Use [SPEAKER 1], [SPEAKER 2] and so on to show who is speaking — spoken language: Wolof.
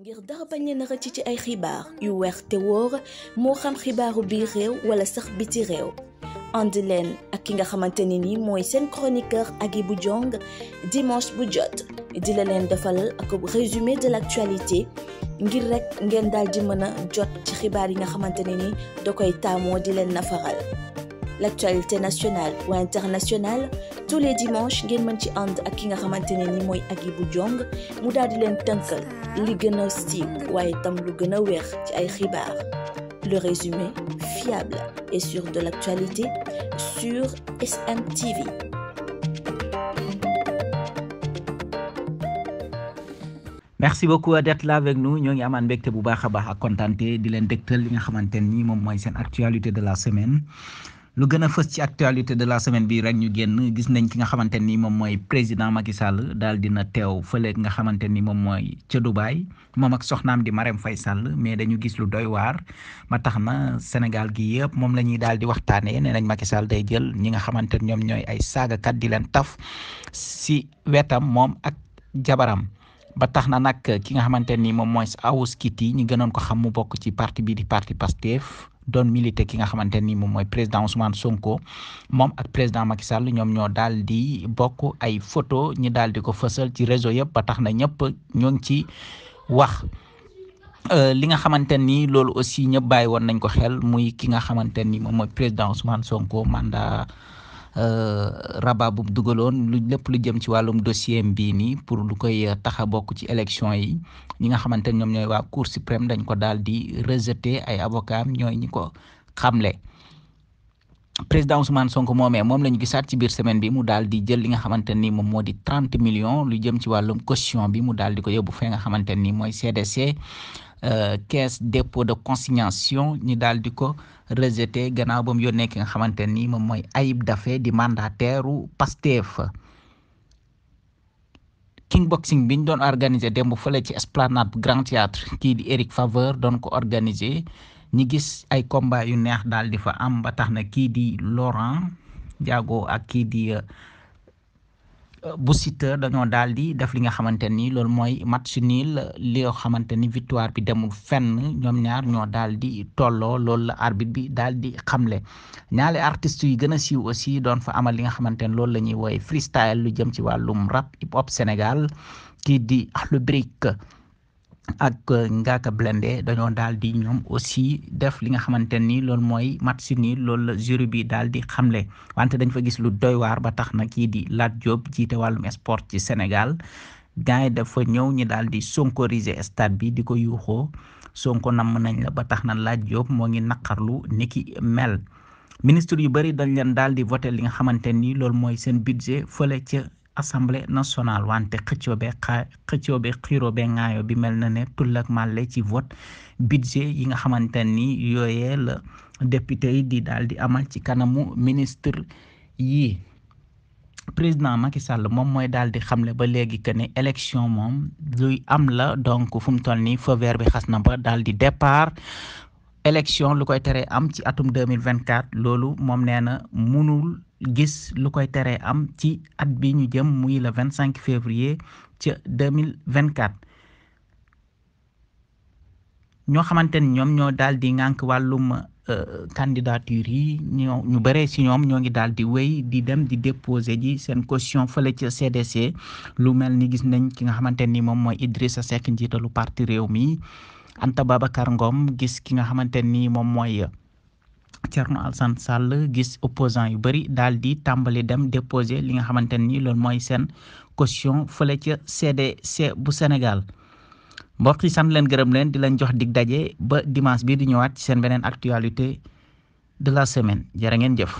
[SPEAKER 1] ngir dara bañ leen a ci ay xibaar yu weex te wóor moo xam xibaaru biir réew wala sax bi ci réew ànd ak ki nga xamante ne ni mooy seen chroniqueur bu Diong dimanche bu jot di la leen defalal ak résumé de l'actualité ngir rekk ngeen daal di mën a jot ci xibaar yi nga xamante ne ni da koy taamoo di leen nafaral l'actualité nationale ou internationale tous les dimanches ngeen mën ci ànd ak ki nga xamante ne ni mooy Agibou Diong mu daal di leen tënkal li gën a siiw waaye tam lu gën a weex ci ay xibaar le résumé fiable et sûr de l'actualité sur SMTV.
[SPEAKER 2] merci beaucoup ñoo ngi amaan mbégte bu baax a baax ak kontaan di leen dégtal li nga xamante ni moom mooy seen actualité de la semaine. lu gën a fës ci actualité de la semaine bi rek ñu génn gis nañ ki nga xamante ni moom mooy président Macky daal dina teew fële nga xamante ni moom mooy ca Dubaay moom ak soxnaam di Marème fay sàll mais dañu gis lu doy waar ba tax na Sénégal gi yëpp moom la ñuy daal di waxtaanee nee nañ Macky Sall day jël ñi nga xamante ñoom ñooy ay saagakat di leen taf si wetam moom ak jabaram. ba tax na nag ki nga xamante ni moom mooy Awoush Kitty ñi gënoon ko xam mu bokk ci parti bi di parti Pastef doon milité ki nga xamante ni moom mooy président Ousmane Sonko moom ak président Macky Sall ñoom ñoo daal di bokk ay photo ñi daal di ko fësal ci réseau yëpp ba tax na ñëpp ñoo ngi ci wax. Euh, li nga xamante ni loolu aussi ñëpp bàyyi woon nañ ko xel muy ki nga xamante ni moom mooy président Ousmane Sonko mandat. Euh, rabat bu dugaloon lu lépp lu jëm ci wàllum dossier bii nii pour lu koy euh, taxa bokk ci élection yi ñi nga xamante ne ñoom ñooy waa Cour suprême dañ ko daal di rejeté ay avocat ñooy ñi ko xamle président Ousmane Sonko moomee moom la ñu gisaat ci biir semaine bi mu daal di jël li nga xamante ni moom moo di trente millions lu jëm ci wàllum caution bi mu daal di ko yóbbu fee nga xamante ni mooy CDC. Euh, caisse dépôt de consignation ñi daal di ko rejeté gannaaw ba mu yónnee nga xamante nii moom mooy Ayib Daffé di mandataire u Pastef king boxing bi ñu doon organiser démb fële ci esplanade bu Grand Théâtre kii di Eric Faveur doon ko organiser ñi gis ay combat yu neex daal di fa am batax na kii di Laurent Diago ak kii di. Euh, bu Siteu dañoo daal di def li nga xamante ni loolu mooy match nul li nga xamante ni victoire bi demul fenn ñoom ñaar ñoo daal di tolloo lool la arbitre bi daal di xam xamle ñaale artistes yi gën a siw aussi doon fa amal li nga xamante ni loolu la ñuy woowee freestyle lu jëm ci wàllum rap hip hop Sénégal kii di Akhlou ak euh, Ngaaka Blindé dañoo daal di ñoom aussi def li nga xamante ni lool mooy match ni loolu la jury bi daal di xamle wante dañ fa gis lu doywaar ba tax na kii di Lat Diop jiite wàllum sport ci Sénégal gars yi dafa ñëw ñi daal di sonkoriser stade bi di ko yuuxoo sonko namm nañ la ba tax na Lat Diop moo ngi naqarlu ni ki mel ministre yu bari dañ leen daal di li nga xamante ni loolu mooy seen budget fële ca assemblée nationale wante xëccoo be xaa xëccoo be bi mel na ne tull ak màlle ci vote budget yi nga xamante ni yooyee la député yi di daal di amal ci kanamu ministre yi président Macky Sall moom mooy daal di xamle ba léegi que ne élection moom luy am la donc fu mu toll nii feu bi xas na ba daal di départ élection lu koy teree am ci atum deux mille vingt quatre loolu moom nee na munul gis lu koy teree am ci at bi ñu jëm muy le vingt cinq février ci deux mille vingt quatre ñoo xamante ni ñoom ñoo daal di ŋànk wàllum euh, candidature yi ñoo ñu bëree si ñoom ñoo ngi daal di wéy di dem di déposer ji seen caution fële ca CDC lu mel ni gis nañ ki nga xamante ni moom mooy Idrissa Seck njiitalu parti réew mi. Anta Babacar Ngom gis ki nga xamante ni moom mooy Thierno Alassane Sall gis opposant yu bëri daal di tàmbali dem déposer li nga xamante nii loolu mooy seen caution fële ca CDC bu Sénégal mbokk yi sant leen gërëm leen di leen jox dig daje ba dimanche bii di ñëwaat ci seen beneen actualité de la semaine jërë ngeen jëf.